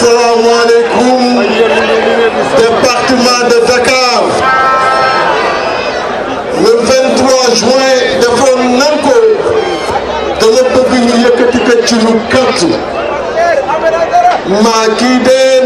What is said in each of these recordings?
asalaamaaleykum département de Dakar le 23 juin defoon nan ko dama bëgg ñu yëkkati ko ci lu gàtt maa kii dee.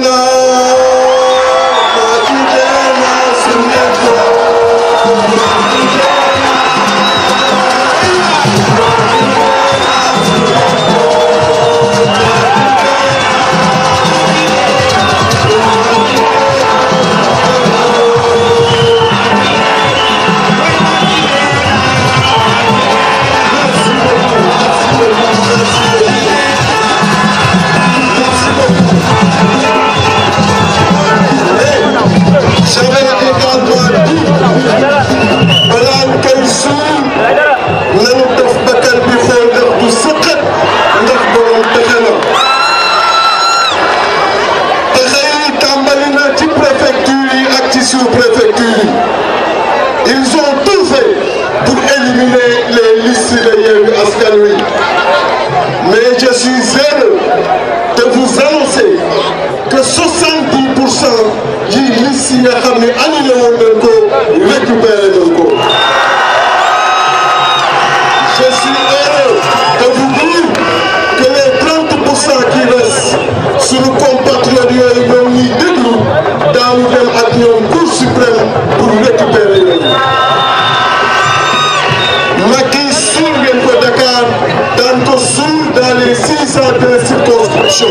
parti de Yewwi Askan Wi mais je suis heureux de vous yi liste yi xam ne annulé ko récupéré nañ ko. je suis heureux de vous dire que les 30 pour cent qui restent sur sein de la circonscription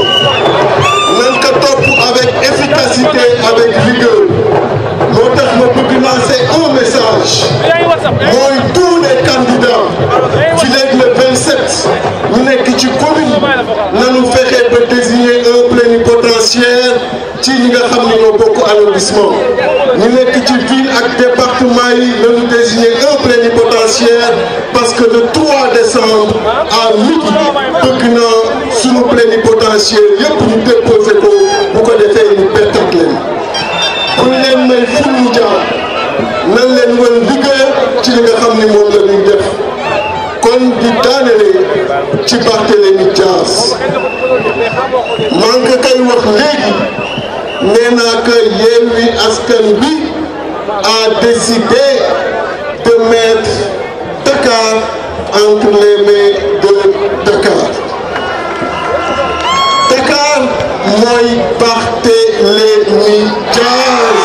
nañ ko topp avec efficacité avec rigueur moo tax ma bëgg lancer un message mooy tous les candidats ci léegi le 27 ñu nekk ci commune nañu fexe ba désigner un plénipotentiaire ci ñi nga xam ni ñoo bokk arrondissement ñu nekk ci ville ak département yi nañu dossier yëpp ñu déposé leen bu may fu ñu jaar nan leen wan liggéey ci li nga xam ni moom la ñuy def kon di daanele ci Barthélémy Dias maa ngi koy wax léegi nee naa que Askan Wi a décidé de mettre Dakar entre les mooy Barthélémy Diaz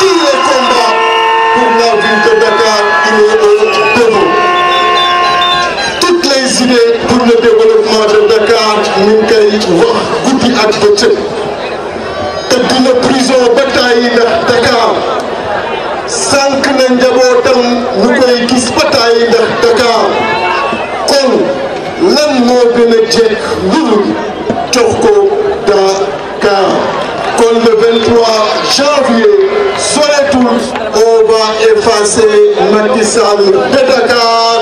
tous les combats pour la ville de Dakar il est au devant toutes les idées pour le développement de Dakar ñu ngi koy wax guddi ak bëccëg te dina prison ba tàyyi ndax Dakar sànq na njabootam ñu koy gis ba tàyyi ndax Dakar lan moo gën a jekk dul jox ko Dakar kon le 23 janvier soretul on va effacer Macky de Dakar